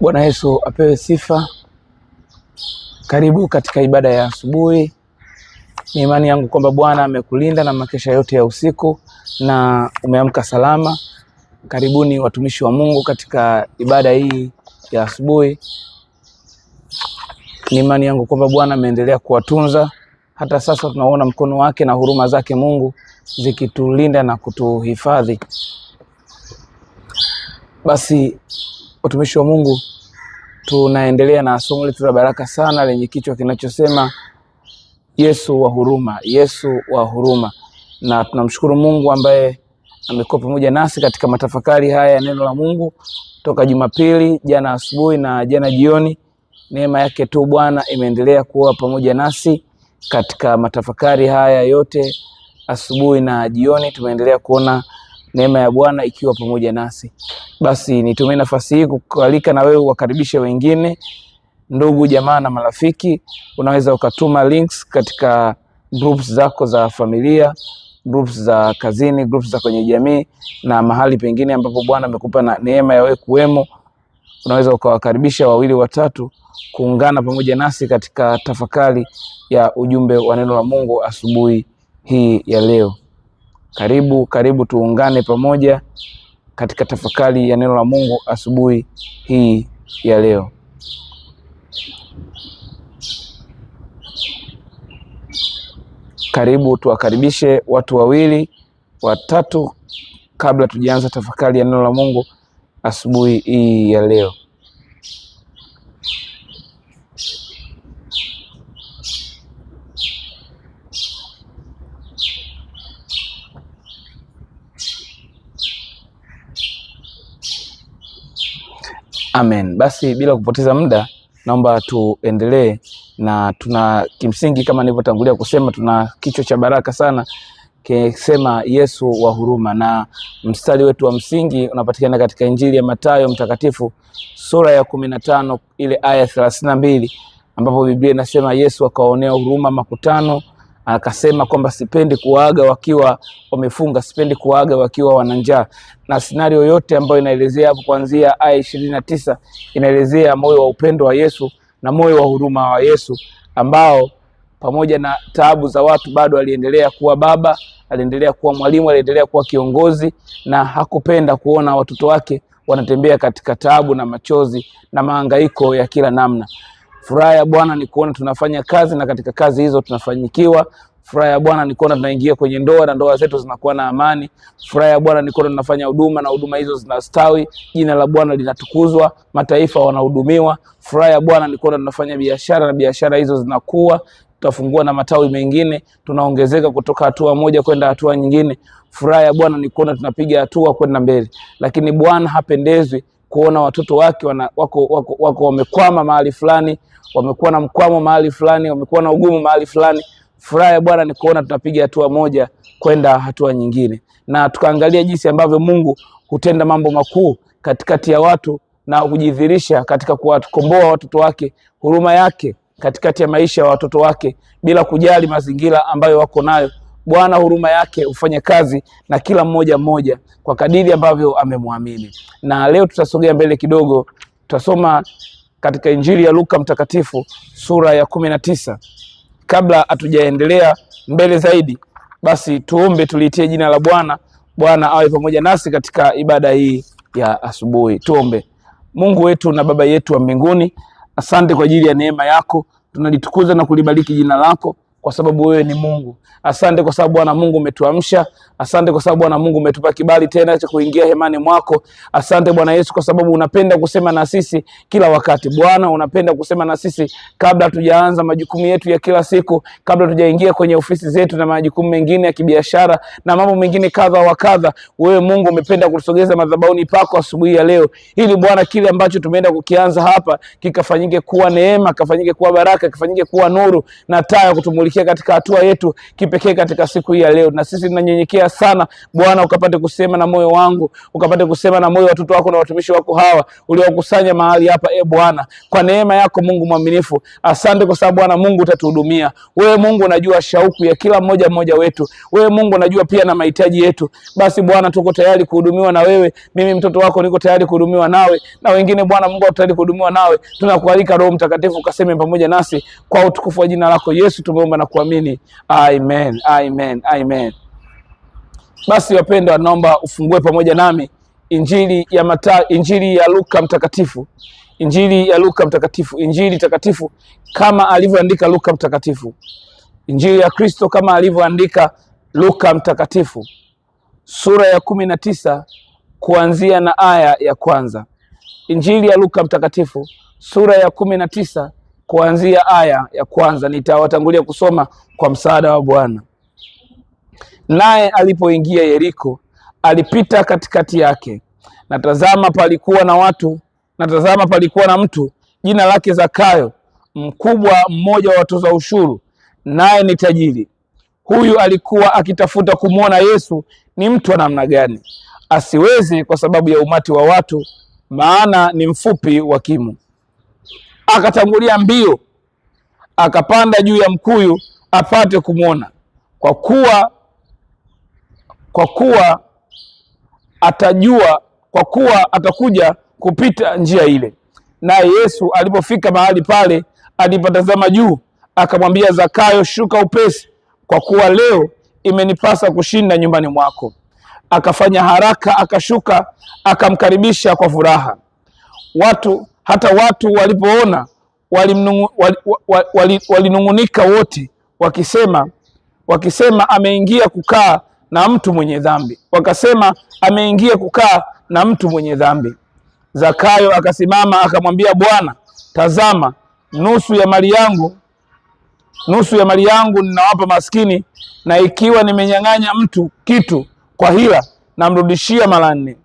Bwana Yesu apewe sifa. Karibu katika ibada ya asubuhi. Ni imani yangu kwamba Bwana amekulinda na makesha yote ya usiku na umeamka salama. Karibuni watumishi wa Mungu katika ibada hii ya asubuhi. Ni imani yangu kwamba Bwana ameendelea kuwatunza hata sasa, tunaona mkono wake na huruma zake Mungu zikitulinda na kutuhifadhi. Basi Watumishi wa Mungu, tunaendelea na somo letu la baraka sana lenye kichwa kinachosema Yesu wa huruma, Yesu wa huruma, na tunamshukuru Mungu ambaye amekuwa pamoja nasi katika matafakari haya ya neno la Mungu toka Jumapili jana asubuhi na jana jioni. Neema yake tu Bwana imeendelea kuwa pamoja nasi katika matafakari haya yote, asubuhi na jioni tumeendelea kuona neema ya Bwana ikiwa pamoja nasi. Basi nitumie nafasi hii kukualika na wewe wakaribishe wengine, ndugu jamaa na marafiki. Unaweza ukatuma links katika groups zako za familia, groups za kazini, groups za kwenye jamii na mahali pengine ambapo Bwana amekupa na neema ya wewe kuwemo. Unaweza ukawakaribisha wawili watatu kuungana pamoja nasi katika tafakari ya ujumbe wa neno la Mungu asubuhi hii ya leo. Karibu, karibu tuungane pamoja katika tafakari ya neno la Mungu asubuhi hii ya leo. Karibu tuwakaribishe watu wawili watatu, kabla tujaanza tafakari ya neno la Mungu asubuhi hii ya leo. Amen. Basi bila kupoteza muda, naomba tuendelee na tuna kimsingi, kama nilivyotangulia kusema, tuna kichwa cha baraka sana kisema Yesu wa huruma, na mstari wetu wa msingi unapatikana katika Injili ya Mathayo Mtakatifu sura ya kumi na tano ile aya thelathini na mbili ambapo Biblia inasema Yesu akawaonea huruma makutano akasema kwamba sipendi kuwaaga wakiwa wamefunga, sipendi kuwaaga wakiwa wana njaa. Na scenario yote ambayo inaelezea hapo kuanzia aya ishirini na tisa inaelezea moyo wa upendo wa Yesu na moyo wa huruma wa Yesu ambao pamoja na taabu za watu bado aliendelea kuwa baba, aliendelea kuwa mwalimu, aliendelea kuwa kiongozi, na hakupenda kuona watoto wake wanatembea katika taabu na machozi na mahangaiko ya kila namna. Furaha ya Bwana ni kuona tunafanya kazi na katika kazi hizo tunafanyikiwa. Furaha ya Bwana ni kuona tunaingia kwenye ndoa na ndoa zetu zinakuwa na amani. Furaha ya Bwana ni kuona tunafanya huduma na huduma hizo zinastawi, jina la Bwana linatukuzwa, mataifa wanahudumiwa. Furaha ya Bwana ni kuona tunafanya biashara na biashara hizo zinakuwa, tutafungua na matawi mengine, tunaongezeka kutoka hatua moja kwenda hatua nyingine. Furaha ya Bwana ni kuona tunapiga hatua kwenda mbele, lakini Bwana hapendezwi kuona watoto wake wana, wako, wako, wako wamekwama mahali fulani, wamekuwa na mkwamo mahali fulani, wamekuwa na ugumu mahali fulani. Furaha ya Bwana ni kuona tutapiga hatua moja kwenda hatua nyingine, na tukaangalia jinsi ambavyo Mungu hutenda mambo makuu katikati ya watu na hujidhirisha katika kuwakomboa watoto wake, huruma yake katikati ya maisha ya watoto wake bila kujali mazingira ambayo wako nayo. Bwana huruma yake hufanya kazi na kila mmoja mmoja kwa kadiri ambavyo amemwamini. Na leo tutasogea mbele kidogo, tutasoma katika Injili ya Luka Mtakatifu sura ya kumi na tisa. Kabla hatujaendelea mbele zaidi, basi tuombe, tuliitie jina la Bwana. Bwana awe pamoja nasi katika ibada hii ya asubuhi. Tuombe. Mungu wetu na Baba yetu wa mbinguni, asante kwa ajili ya neema yako, tunalitukuza na kulibariki jina lako kwa sababu wewe ni Mungu. Asante kwa sababu Bwana Mungu umetuamsha. Asante kwa sababu Bwana Mungu umetupa kibali tena cha kuingia hemani mwako. Asante Bwana Yesu kwa sababu unapenda kusema na sisi kila wakati. Bwana unapenda kusema na sisi kabla hatujaanza majukumu yetu ya kila siku, kabla hatujaingia kwenye ofisi zetu na majukumu mengine ya kibiashara na mambo mengine kadha wa kadha. Wewe Mungu umependa kutusogeza madhabahuni pako asubuhi ya leo. Ili Bwana kile ambacho tumeenda kukianza hapa kikafanyike kuwa neema, kafanyike kuwa baraka, kafanyike kuwa nuru na taa ya kutumulikia kufikia katika hatua yetu kipekee katika siku hii ya leo, na sisi tunanyenyekea sana Bwana, ukapate kusema na moyo wangu, ukapate kusema na moyo watoto wako na watumishi wako hawa uliowakusanya mahali hapa, e Bwana, kwa neema yako Mungu mwaminifu, asante kwa sababu Bwana Mungu utatuhudumia. Wewe Mungu unajua shauku ya kila mmoja mmoja wetu, wewe Mungu unajua pia na mahitaji yetu. Basi Bwana, tuko tayari kuhudumiwa na wewe. Mimi mtoto wako niko tayari kuhudumiwa nawe, na wengine Bwana Mungu tayari kuhudumiwa nawe. Tunakualika Roho Mtakatifu ukaseme pamoja nasi, kwa utukufu wa jina lako Yesu tumeomba na Amen, amen, amen. Basi wapendwa, naomba ufungue pamoja nami Injili ya Mata, Injili ya Luka mtakatifu, Injili ya Luka mtakatifu, Injili takatifu kama alivyoandika Luka mtakatifu, Injili ya Kristo kama alivyoandika Luka mtakatifu, sura ya kumi na tisa kuanzia na aya ya kwanza. Injili ya Luka mtakatifu sura ya kumi na tisa kuanzia aya ya kwanza. Nitawatangulia kusoma kwa msaada wa Bwana. Naye alipoingia Yeriko, alipita katikati yake, na tazama, palikuwa na watu na tazama, palikuwa na mtu jina lake Zakayo, mkubwa mmoja wa watoza ushuru, naye ni tajiri. Huyu alikuwa akitafuta kumwona Yesu ni mtu wa namna gani, asiweze kwa sababu ya umati wa watu, maana ni mfupi wa kimo akatangulia mbio akapanda juu ya mkuyu apate kumwona, kwa kuwa kwa kuwa atajua, kwa kuwa atakuja kupita njia ile. Naye Yesu alipofika mahali pale, alipotazama juu, akamwambia Zakayo, shuka upesi, kwa kuwa leo imenipasa kushinda nyumbani mwako. Akafanya haraka, akashuka, akamkaribisha kwa furaha. Watu hata watu walipoona walinung'unika wote, wakisema wakisema, ameingia kukaa na mtu mwenye dhambi, wakasema ameingia kukaa na mtu mwenye dhambi. Zakayo akasimama akamwambia Bwana, tazama, nusu ya mali yangu nusu ya mali yangu ninawapa maskini, na ikiwa nimenyang'anya mtu kitu kwa hila, namrudishia mara nne.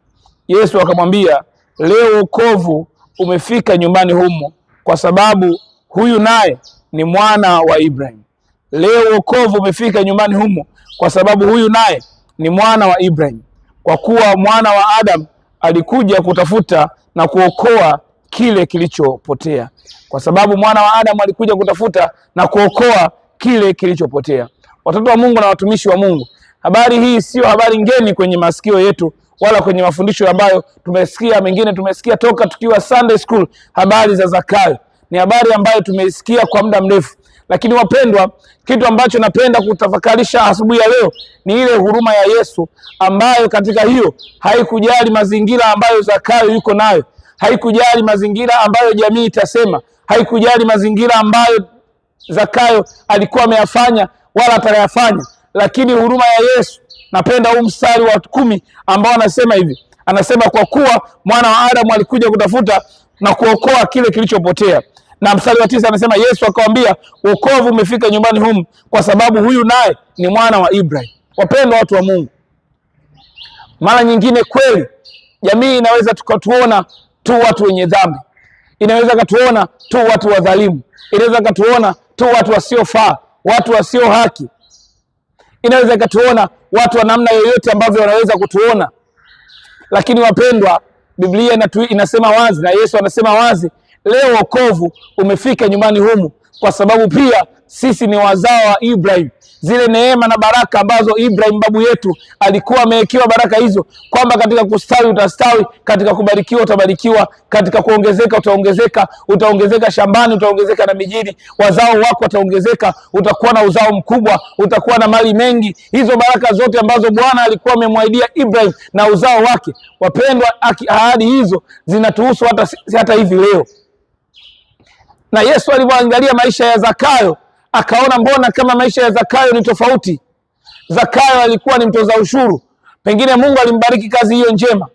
Yesu akamwambia, leo wokovu umefika nyumbani humo, kwa sababu huyu naye ni mwana wa Ibrahim. Leo wokovu umefika nyumbani humo, kwa sababu huyu naye ni mwana wa Ibrahim, kwa kuwa mwana wa Adam alikuja kutafuta na kuokoa kile kilichopotea, kwa sababu mwana wa Adam alikuja kutafuta na kuokoa kile kilichopotea. Watoto wa Mungu na watumishi wa Mungu, habari hii siyo habari ngeni kwenye masikio yetu wala kwenye mafundisho ambayo tumesikia mengine, tumesikia toka tukiwa Sunday school. Habari za Zakayo ni habari ambayo tumeisikia kwa muda mrefu, lakini wapendwa, kitu ambacho napenda kutafakarisha asubuhi ya leo ni ile huruma ya Yesu ambayo katika hiyo haikujali mazingira ambayo Zakayo yuko nayo, haikujali mazingira ambayo jamii itasema, haikujali mazingira ambayo Zakayo alikuwa ameyafanya wala atayafanya, lakini huruma ya Yesu Napenda huu mstari wa kumi ambao anasema hivi, anasema kwa kuwa mwana wa Adamu alikuja kutafuta na kuokoa kile kilichopotea. Na mstari wa tisa anasema Yesu akamwambia, wokovu umefika nyumbani humu, kwa sababu huyu naye ni mwana wa Ibrahim. Wapendwa watu wa Mungu, mara nyingine kweli jamii inaweza tukatuona tu watu wenye dhambi, inaweza katuona tu watu wadhalimu, inaweza katuona tu watu wasiofaa, watu wasio haki, inaweza katuona watu wa namna yoyote ambavyo wanaweza kutuona. Lakini wapendwa, Biblia inatu, inasema wazi na Yesu anasema wazi, leo wokovu umefika nyumbani humu, kwa sababu pia sisi ni wazao wa Ibrahim, zile neema na baraka ambazo Ibrahim babu yetu alikuwa amewekewa baraka hizo, kwamba katika kustawi utastawi, katika kubarikiwa utabarikiwa, katika kuongezeka utaongezeka, utaongezeka shambani, utaongezeka na mijini, wazao wako wataongezeka, utakuwa na uzao mkubwa, utakuwa na mali mengi. Hizo baraka zote ambazo Bwana alikuwa amemwahidia Ibrahim na uzao wake, wapendwa, ahadi hizo zinatuhusu hata, hata hivi leo na Yesu alivyoangalia maisha ya Zakayo akaona mbona kama maisha ya Zakayo ni tofauti. Zakayo alikuwa ni mtoza ushuru, pengine Mungu alimbariki kazi hiyo njema,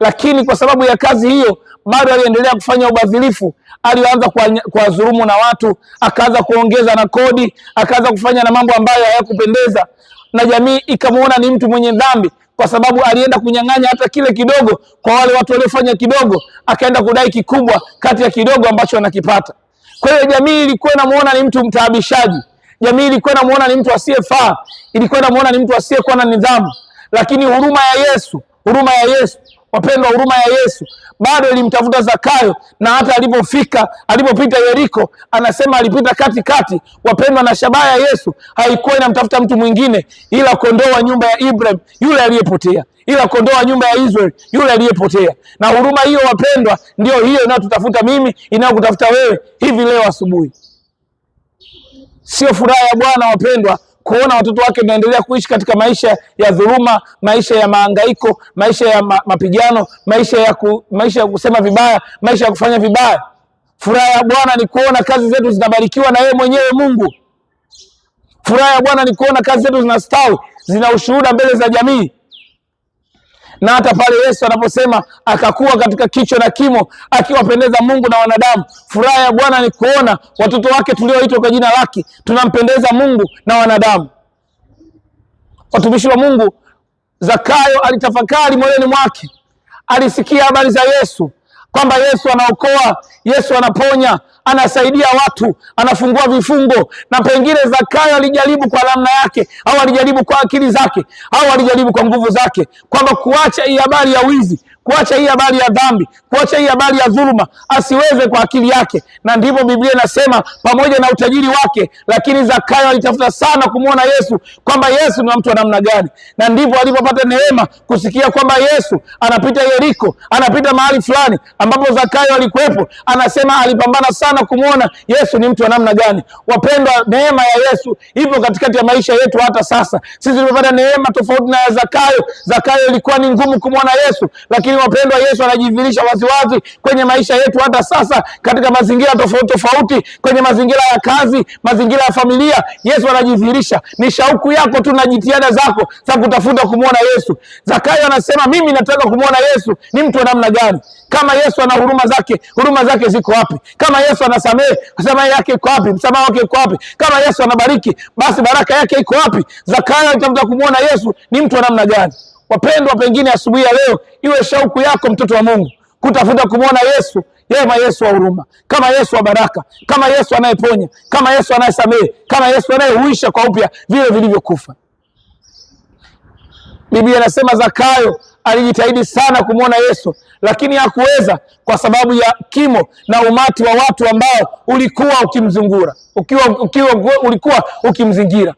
lakini kwa sababu ya kazi hiyo bado aliendelea kufanya ubadhilifu. Alianza kuwadhulumu na watu, akaanza kuongeza na kodi, akaanza kufanya na mambo ambayo hayakupendeza, na jamii ikamuona ni mtu mwenye dhambi kwa sababu alienda kunyang'anya hata kile kidogo kwa wale watu waliofanya kidogo, akaenda kudai kikubwa kati ya kidogo ambacho anakipata. Kwa hiyo jamii ilikuwa inamuona ni mtu mtaabishaji, jamii ilikuwa inamuona ni mtu asiyefaa, ilikuwa inamuona ni mtu asiyekuwa na nidhamu, lakini huruma ya Yesu, huruma ya Yesu wapendwa, huruma ya Yesu bado ilimtafuta Zakayo, na hata alipofika alipopita Yeriko, anasema alipita katikati, wapendwa, na shabaha ya Yesu haikuwa inamtafuta mtu mwingine ila kondoo wa nyumba ya Ibrahim yule aliyepotea, ila kondoo wa nyumba ya Israeli yule aliyepotea. Na huruma hiyo wapendwa, ndiyo hiyo inayotutafuta mimi, inayokutafuta wewe hivi leo asubuhi. Sio furaha ya Bwana wapendwa kuona watoto wake wanaendelea kuishi katika maisha ya dhuluma, maisha ya maangaiko, maisha ya ma, mapigano, maisha ya, ku, maisha ya kusema vibaya, maisha ya kufanya vibaya. Furaha ya Bwana ni kuona kazi zetu zinabarikiwa na yeye mwenyewe Mungu. Furaha ya Bwana ni kuona kazi zetu zinastawi, zina ushuhuda mbele za jamii na hata pale Yesu anaposema akakuwa katika kicho na kimo, akiwapendeza Mungu na wanadamu. Furaha ya Bwana ni kuona watoto wake tulioitwa kwa jina lake tunampendeza Mungu na wanadamu. Watumishi wa Mungu, Zakayo alitafakari moyoni mwake, alisikia habari za Yesu kwamba Yesu anaokoa, Yesu anaponya, anasaidia watu, anafungua vifungo. Na pengine Zakayo alijaribu kwa namna yake, au alijaribu kwa akili zake, au alijaribu kwa nguvu zake, kwamba kuacha hii habari ya wizi kuacha hii habari ya dhambi, kuacha hii habari ya dhuluma, asiweze kwa akili yake. Na ndivyo Biblia inasema, pamoja na utajiri wake, lakini Zakayo alitafuta sana kumwona Yesu kwamba Yesu ni mtu wa namna gani, na ndivyo alipopata neema kusikia kwamba Yesu anapita Yeriko, anapita mahali fulani ambapo Zakayo alikuwepo. Anasema alipambana sana kumwona Yesu ni mtu wa namna gani. Wapendwa, neema ya Yesu ipo katikati ya maisha yetu hata sasa. Sisi tumepata neema tofauti na ya Zakayo. Zakayo ilikuwa ni ngumu kumwona Yesu lakini lakini wapendwa, Yesu anajidhihirisha waziwazi kwenye maisha yetu hata sasa, katika mazingira tofauti tofauti, kwenye mazingira ya kazi, mazingira ya familia. Yesu anajidhihirisha. Ni shauku yako tu na jitihada zako za kutafuta kumwona Yesu. Zakayo anasema mimi nataka kumwona Yesu. Ni mtu wa namna gani? Kama Yesu ana huruma zake, huruma zake ziko wapi? Kama Yesu anasamehe, msamaha yake iko wapi? Msamaha wake iko wapi? Kama Yesu anabariki, basi baraka yake iko wapi? Zakayo alitafuta kumwona Yesu. Ni mtu wa namna gani? Wapendwa, pengine asubuhi ya leo iwe shauku yako mtoto wa Mungu kutafuta kumwona Yesu, yeye ma Yesu wa huruma, kama Yesu wa baraka, kama Yesu anayeponya, kama Yesu anayesamehe, kama Yesu anayehuisha kwa upya vile vilivyokufa. Biblia inasema Zakayo alijitahidi sana kumwona Yesu lakini hakuweza kwa sababu ya kimo na umati wa watu ambao ulikuwa ukimzungura ukiwa, ukiwa, ulikuwa ukimzingira.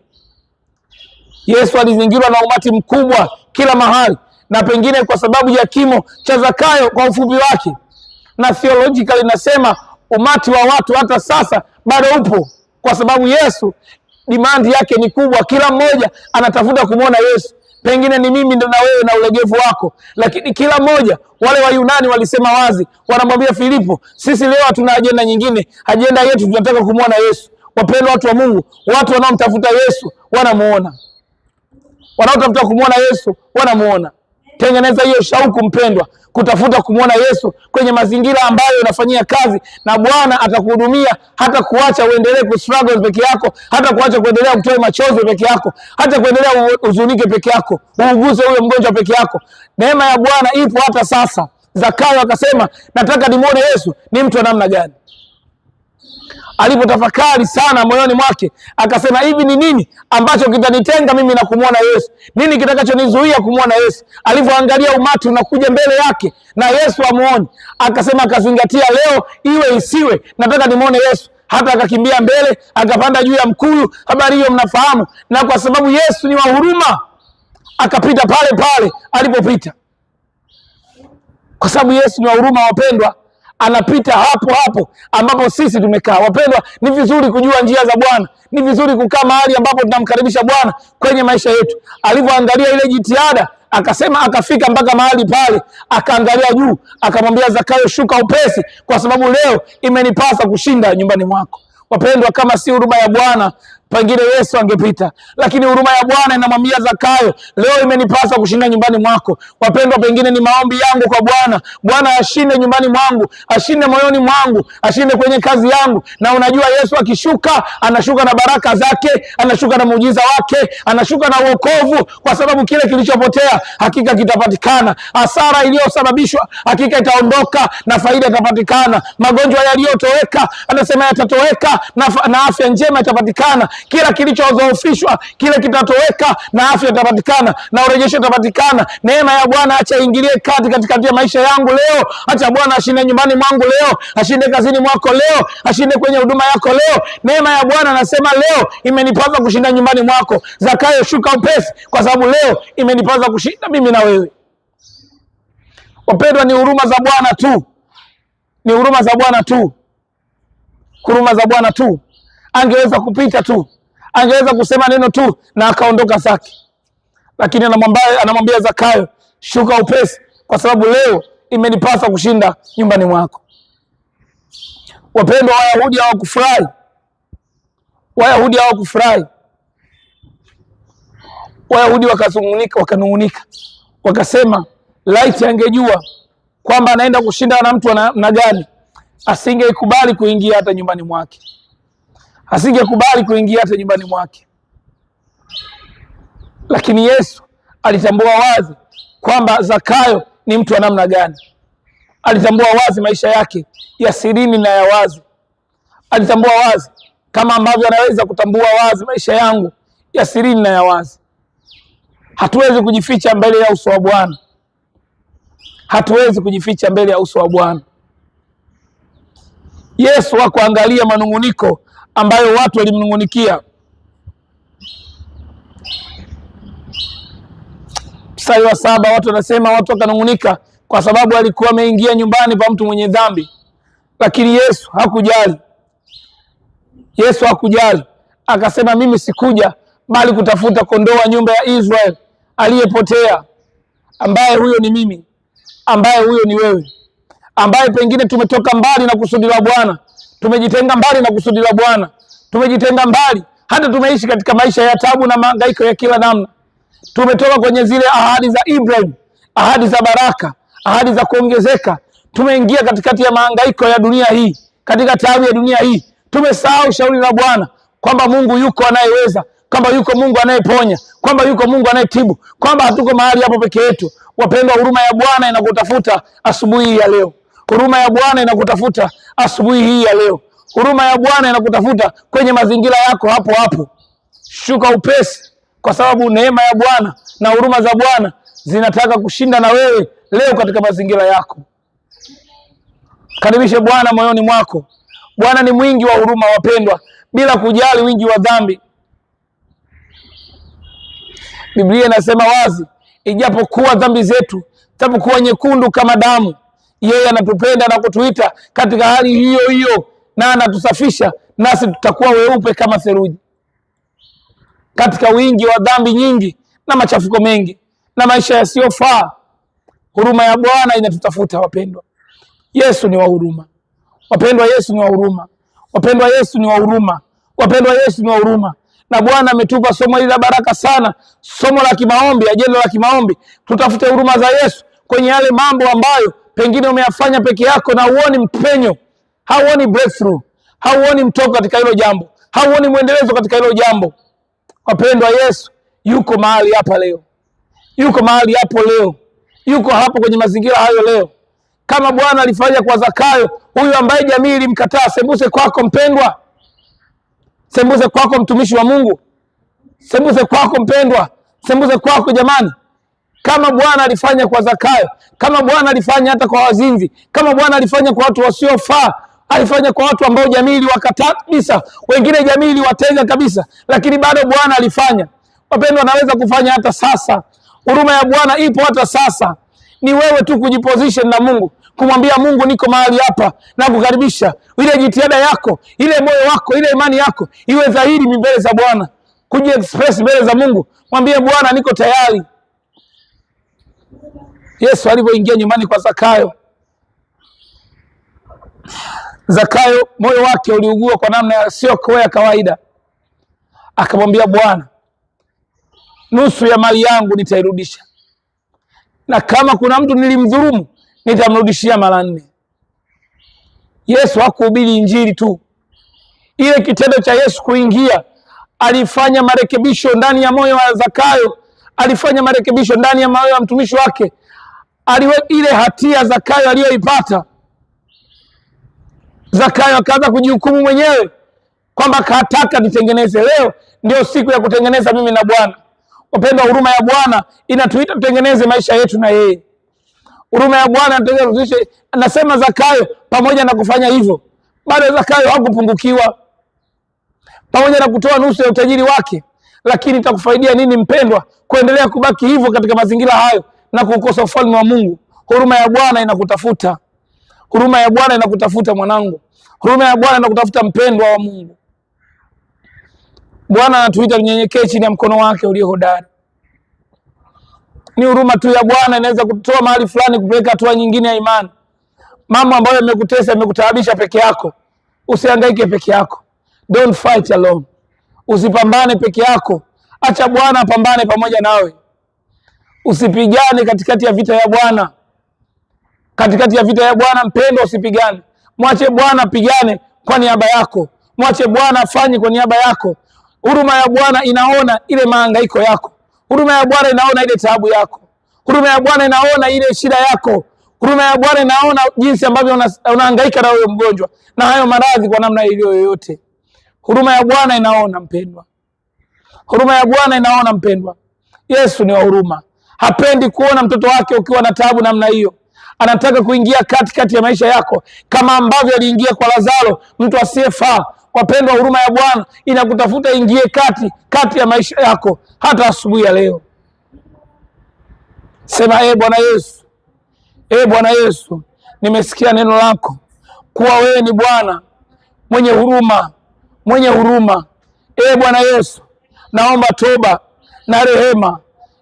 Yesu alizingirwa na umati mkubwa kila mahali, na pengine kwa sababu ya kimo cha Zakayo kwa ufupi wake, na theological inasema umati wa watu hata sasa bado upo, kwa sababu Yesu dimandi yake ni kubwa. Kila mmoja anatafuta kumwona Yesu. Pengine ni mimi ndo na wewe na ulegevu wako, lakini kila mmoja. Wale Wayunani walisema wazi, wanamwambia Filipo, sisi leo hatuna ajenda nyingine, ajenda yetu tunataka kumwona Yesu. Wapendwa watu wa Mungu, watu wanaomtafuta Yesu wanamuona wanaotafuta kumwona Yesu wanamuona. Tengeneza hiyo shauku mpendwa, kutafuta kumwona Yesu kwenye mazingira ambayo unafanyia kazi, na Bwana atakuhudumia, hata kuacha uendelee kustruggle peke yako, hata kuacha kuendelea kutoa machozi peke yako, hata kuendelea uzunike peke yako, uuguze huyo mgonjwa peke yako. Neema ya Bwana ipo hata sasa. Zakayo akasema nataka nimwone Yesu. Ni mtu wa namna gani? alipotafakari sana moyoni mwake akasema, hivi ni nini ambacho kitanitenga mimi na kumwona Yesu? Nini kitakachonizuia kumwona Yesu? Alivyoangalia umati unakuja mbele yake na Yesu amuone, akasema, akazingatia, leo iwe isiwe, nataka nimwone Yesu hata akakimbia mbele akapanda juu ya mkuyu. Habari hiyo mnafahamu, na kwa sababu Yesu ni wa huruma, akapita pale pale alipopita, kwa sababu Yesu ni wa huruma. Wapendwa, anapita hapo hapo ambapo sisi tumekaa. Wapendwa, ni vizuri kujua njia za Bwana, ni vizuri kukaa mahali ambapo tunamkaribisha Bwana kwenye maisha yetu. Alivyoangalia ile jitihada akasema akafika mpaka mahali pale, akaangalia juu, akamwambia Zakayo, shuka upesi, kwa sababu leo imenipasa kushinda nyumbani mwako. Wapendwa, kama si huruma ya Bwana pengine Yesu angepita, lakini huruma ya Bwana inamwambia Zakayo, leo imenipasa kushinda nyumbani mwako. Wapendwa, pengine ni maombi yangu kwa Bwana, Bwana ashinde nyumbani mwangu, ashinde moyoni mwangu, ashinde kwenye kazi yangu. Na unajua Yesu akishuka, anashuka na baraka zake, anashuka na muujiza wake, anashuka na wokovu, kwa sababu kile kilichopotea hakika kitapatikana, hasara iliyosababishwa hakika itaondoka na faida itapatikana, magonjwa yaliyotoweka anasema yatatoweka na, na afya njema itapatikana. Kila kilichodhoofishwa kile kitatoweka, na afya itapatikana na urejesho utapatikana. Neema ya Bwana acha ingilie kati katikati ya maisha yangu leo. Acha Bwana ashinde nyumbani mwangu leo, ashinde kazini mwako leo, ashinde kwenye huduma yako leo. Neema ya Bwana anasema leo imenipaza kushinda nyumbani mwako. Zakayo, shuka upesi, kwa sababu leo imenipaza kushinda mimi na wewe. Wapendwa, ni huruma za Bwana tu, ni huruma za Bwana tu, huruma za Bwana tu angeweza kupita tu, angeweza kusema neno tu na akaondoka zake, lakini anamwambia anamwambia Zakayo, shuka upesi, kwa sababu leo imenipasa kushinda nyumbani mwako. Wapendwa, Wayahudi hawakufurahi, Wayahudi hawakufurahi. Wayahudi wakazungunika, wakanungunika, wakasema laiti angejua kwamba anaenda kushinda na mtu na gani, asingeikubali kuingia hata nyumbani mwake asingekubali kuingia hata nyumbani mwake. Lakini Yesu alitambua wazi kwamba Zakayo ni mtu wa namna gani. Alitambua wazi maisha yake ya sirini na ya wazi. Alitambua wazi kama ambavyo anaweza kutambua wazi maisha yangu ya sirini na ya wazi. Hatuwezi kujificha mbele ya uso wa Bwana, hatuwezi kujificha mbele ya uso wa Bwana. Yesu hakuangalia manung'uniko ambayo watu walimnung'unikia. Mstari wa saba, watu wanasema, watu wakanung'unika kwa sababu alikuwa ameingia nyumbani pa mtu mwenye dhambi, lakini Yesu hakujali. Yesu hakujali, akasema, mimi sikuja bali kutafuta kondoo wa nyumba ya Israeli aliyepotea, ambaye huyo ni mimi, ambaye huyo ni wewe, ambaye pengine tumetoka mbali na kusudi la Bwana tumejitenga mbali na kusudi la Bwana, tumejitenga mbali hata tumeishi katika maisha ya tabu na mahangaiko ya kila namna. Tumetoka kwenye zile ahadi za Ibrahim, ahadi za baraka, ahadi za kuongezeka. Tumeingia katikati ya mahangaiko ya dunia hii, katika taabu ya dunia hii. Tumesahau shauri la Bwana kwamba Mungu yuko anayeweza, kwamba yuko Mungu anayeponya, kwamba yuko Mungu anayetibu, kwamba hatuko mahali hapo peke yetu. Wapendwa, huruma ya Bwana inakutafuta asubuhi ya leo. Huruma ya Bwana inakutafuta asubuhi hii ya leo. Huruma ya Bwana inakutafuta kwenye mazingira yako hapo hapo. Shuka upesi, kwa sababu neema ya Bwana na huruma za Bwana zinataka kushinda na wewe leo katika mazingira yako. Karibishe Bwana moyoni mwako. Bwana ni mwingi wa huruma, wapendwa, bila kujali wingi wa dhambi. Biblia inasema wazi, ijapokuwa dhambi zetu japokuwa nyekundu kama damu yeye anatupenda na kutuita katika hali hiyo hiyo, na anatusafisha nasi tutakuwa weupe kama theluji, katika wingi wa dhambi nyingi na machafuko mengi na maisha yasiyofaa. Huruma ya Bwana inatutafuta wapendwa. Yesu ni wa huruma wapendwa, Yesu ni wa huruma wapendwa, Yesu ni wa huruma wapendwa, Yesu ni wa huruma na Bwana ametupa somo hili la baraka sana, somo la kimaombi, ajenda la kimaombi. Tutafute huruma za Yesu kwenye yale mambo ambayo pengine umeyafanya peke yako na huoni mpenyo, hauoni breakthrough, hauoni mtoko katika hilo jambo, hauoni mwendelezo katika hilo jambo. Wapendwa, Yesu yuko mahali hapa leo, yuko mahali hapo leo, yuko hapo kwenye mazingira hayo leo, kama Bwana alifanya kwa Zakayo huyu ambaye jamii ilimkataa. Sembuse kwako mpendwa, sembuse kwako mtumishi wa Mungu, sembuse kwako mpendwa, sembuse kwako jamani kama Bwana alifanya kwa Zakayo, kama Bwana alifanya hata kwa wazinzi, kama Bwana alifanya kwa watu wasiofaa, alifanya kwa watu ambao jamii iliwakataa kabisa, wengine jamii iliwatenga kabisa, lakini bado Bwana alifanya. Wapendwa, anaweza kufanya hata sasa. Huruma ya Bwana ipo hata sasa, ni wewe tu kujiposition na Mungu kumwambia Mungu niko mahali hapa na kukaribisha ile jitihada yako, ile moyo wako, ile imani yako iwe dhahiri mbele za Bwana, kuji express mbele za Mungu, mwambie Bwana niko tayari Yesu alipoingia nyumbani kwa Zakayo, Zakayo moyo wake uliugua kwa namna sio ya kawaida, akamwambia Bwana, nusu ya mali yangu nitairudisha, na kama kuna mtu nilimdhulumu nitamrudishia mara nne. Yesu hakuhubiri injili tu, ile kitendo cha Yesu kuingia alifanya marekebisho ndani ya moyo wa Zakayo alifanya marekebisho ndani ya mawe ya mtumishi wake, aliwe ile hatia Zakayo aliyoipata. Zakayo akaanza kujihukumu mwenyewe kwamba kataka nitengeneze. Leo ndio siku ya kutengeneza mimi na Bwana. Wapendwa, huruma ya Bwana inatuita tutengeneze maisha yetu na yeye. Huruma ya Bwana inatuita anasema Zakayo, pamoja na kufanya hivyo bado Zakayo hakupungukiwa, pamoja na kutoa nusu ya utajiri wake lakini itakufaidia nini mpendwa, kuendelea kubaki hivyo katika mazingira hayo na kukosa ufalme wa Mungu? Huruma ya Bwana inakutafuta, huruma ya Bwana inakutafuta mwanangu, huruma ya Bwana inakutafuta mpendwa wa Mungu. Bwana anatuita tunyenyekee chini ya mkono wake ulio hodari. Ni huruma tu ya Bwana inaweza kutoa mahali fulani kupeleka hatua nyingine ya imani. Mambo ambayo yamekutesa yamekutaabisha peke yako, usihangaike peke yako. Don't fight alone. Usipambane peke yako, acha Bwana apambane pamoja nawe. Usipigane katikati ya vita ya Bwana, katikati ya vita ya Bwana mpendwa, usipigane. Mwache Bwana pigane kwa niaba yako, mwache Bwana afanye kwa niaba yako. Huruma ya Bwana inaona ile mahangaiko yako, huruma ya Bwana inaona ile taabu yako, huruma ya Bwana inaona ile shida yako, huruma ya Bwana inaona jinsi ambavyo unahangaika una na huyo mgonjwa na hayo maradhi kwa namna iliyo yoyote. Huruma ya Bwana inaona mpendwa, huruma ya Bwana inaona mpendwa. Yesu ni wa huruma, hapendi kuona mtoto wake ukiwa na taabu namna hiyo. Anataka kuingia katikati kati ya maisha yako kama ambavyo aliingia kwa Lazaro, mtu asiyefaa. Wapendwa, huruma ya Bwana inakutafuta ingie kati kati ya maisha yako hata asubuhi ya leo. Sema, e Bwana Yesu, e Bwana Yesu, nimesikia neno lako kuwa wewe ni Bwana mwenye huruma mwenye huruma. Ee Bwana Yesu, naomba toba na rehema,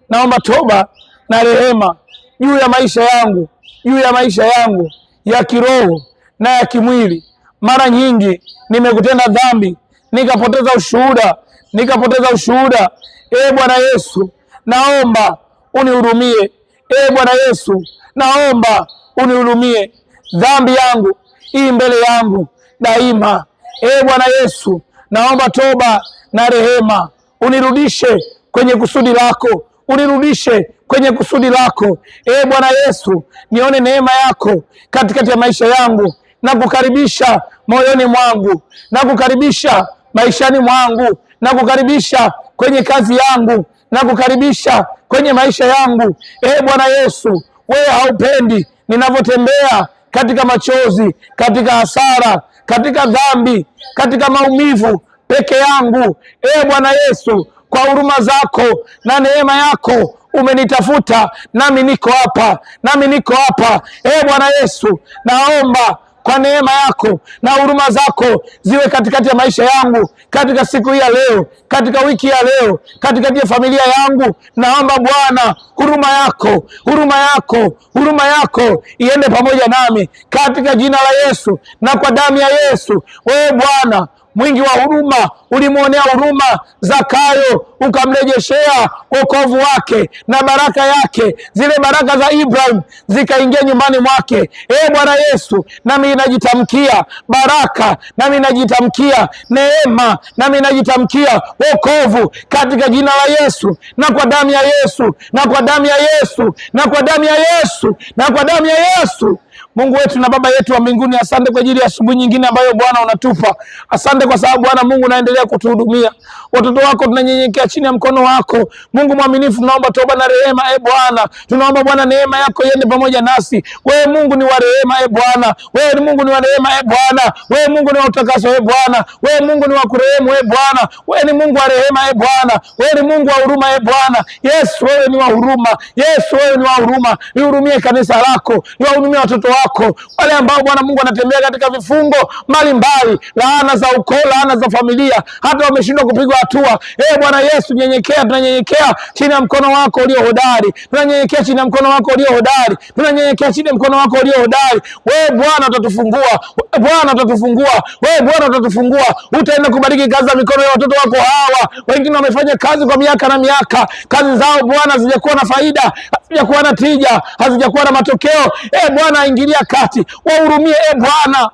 naomba toba na rehema juu ya maisha yangu, juu ya maisha yangu ya kiroho na ya kimwili. Mara nyingi nimekutenda dhambi, nikapoteza ushuhuda, nikapoteza ushuhuda. Ee Bwana Yesu, naomba unihurumie. Ee Bwana Yesu, naomba unihurumie. Dhambi yangu hii mbele yangu daima Ee Bwana Yesu, naomba toba na rehema, unirudishe kwenye kusudi lako, unirudishe kwenye kusudi lako. Ee Bwana Yesu, nione neema yako katikati ya maisha yangu, na kukaribisha moyoni mwangu, na kukaribisha maishani mwangu, na kukaribisha kwenye kazi yangu, na kukaribisha kwenye maisha yangu. Ee Bwana Yesu, wewe haupendi ninavyotembea katika machozi, katika hasara katika dhambi, katika maumivu peke yangu. Ee Bwana Yesu, kwa huruma zako na neema yako umenitafuta, nami niko hapa, nami niko hapa. Ee Bwana Yesu, naomba kwa neema yako na huruma zako ziwe katikati ya maisha yangu, katika siku hii ya leo, katika wiki ya leo, katikati ya familia yangu. Naomba Bwana huruma yako, huruma yako, huruma yako iende pamoja nami katika jina la Yesu na kwa damu ya Yesu. Wewe Bwana mwingi wa huruma, ulimwonea huruma Zakayo ukamrejeshea wokovu wake na baraka yake, zile baraka za Ibrahim zikaingia nyumbani mwake. Ee Bwana Yesu, nami najitamkia baraka, nami najitamkia neema, nami najitamkia wokovu katika jina la Yesu na kwa damu ya Yesu na kwa damu ya Yesu na kwa damu ya Yesu na kwa damu ya Yesu. Mungu wetu na Baba yetu wa mbinguni, asante kwa ajili ya asubuhi nyingine ambayo Bwana unatupa. Asante kwa sababu Bwana Mungu unaendelea kutuhudumia. Watoto wako tunanyenyekea chini ya mkono wako. Mungu mwaminifu, tunaomba toba na rehema, e Bwana. Tunaomba Bwana neema yako iende pamoja nasi. Wewe Mungu ni wa rehema, e Bwana. Wewe ni Mungu ni wa rehema, e Bwana. Wewe Mungu ni wa utakaso, e Bwana. Wewe Mungu ni wa kurehemu, e Bwana. Wewe ni Mungu wa rehema, e Bwana. Wewe ni Mungu wa huruma, e Bwana. Yesu, wewe ni wa huruma. Yesu, wewe ni wa huruma. Nihurumie kanisa lako, niwahurumie watoto wako wako, wale ambao Bwana Mungu anatembea katika vifungo mbalimbali, laana za ukoo, laana za familia, hata wameshindwa kupigwa hatua. Ee Bwana Yesu, nyenyekea, tunanyenyekea chini ya mkono wako ulio hodari, tunanyenyekea chini ya mkono wako ulio hodari, tunanyenyekea chini ya mkono wako ulio hodari. Wewe Bwana utatufungua, wewe Bwana utatufungua, wewe Bwana utatufungua. Utaenda kubariki kazi za mikono ya watoto wako hawa. Wengine wamefanya kazi kwa miaka na miaka, kazi zao Bwana zijakuwa na faida hazijakuwa na tija, hazijakuwa na matokeo. E Bwana, ingilia kati, wahurumie e Bwana.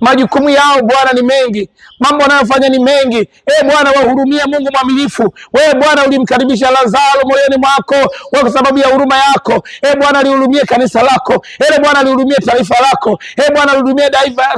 Majukumu yao Bwana ni mengi, mambo wanayofanya ni mengi. E Bwana, wahurumie. Mungu mwaminifu, wewe Bwana ulimkaribisha Lazaro moyoni mwako kwa sababu ya huruma yako. E Bwana, lihurumie kanisa lako. E Bwana, lihurumie taifa lako. E Bwana, lihurumie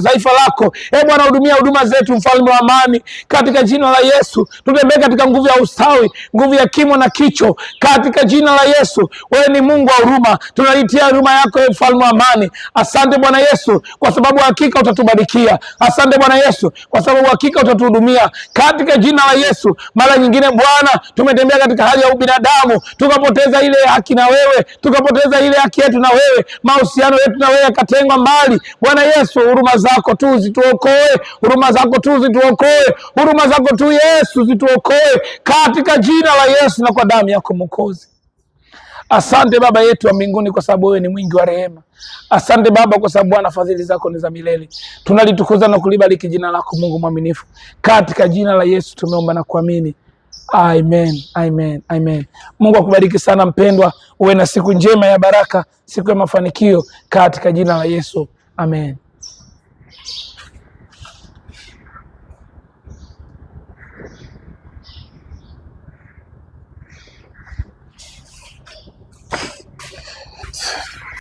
taifa lako. E Bwana, hudumia huduma zetu, mfalme wa amani, katika jina la Yesu. Tutembee katika nguvu ya ustawi, nguvu ya kimo na kicho, katika jina la Yesu. Wewe ni Mungu wa huruma, tunaitia huruma yako, mfalme wa amani. Asante Bwana Yesu kwa sababu hakika umetubarikia. Asante Bwana Yesu, kwa sababu hakika utatuhudumia katika jina la Yesu. Mara nyingine Bwana, tumetembea katika hali ya ubinadamu, tukapoteza ile haki na wewe, tukapoteza ile haki yetu na wewe, mahusiano yetu na wewe yakatengwa mbali. Bwana Yesu, huruma zako tu zituokoe, huruma zako tu zituokoe, huruma zako tu Yesu zituokoe, katika jina la Yesu na kwa damu yako Mwokozi. Asante Baba yetu wa mbinguni, kwa sababu wewe ni mwingi wa rehema. Asante Baba kwa sababu Bwana fadhili zako ni za milele. Tunalitukuza na kulibariki jina lako Mungu mwaminifu, katika jina la Yesu tumeomba na kuamini. Amen, amen, amen. Mungu akubariki sana mpendwa, uwe na siku njema ya baraka, siku ya mafanikio katika jina la Yesu. Amen.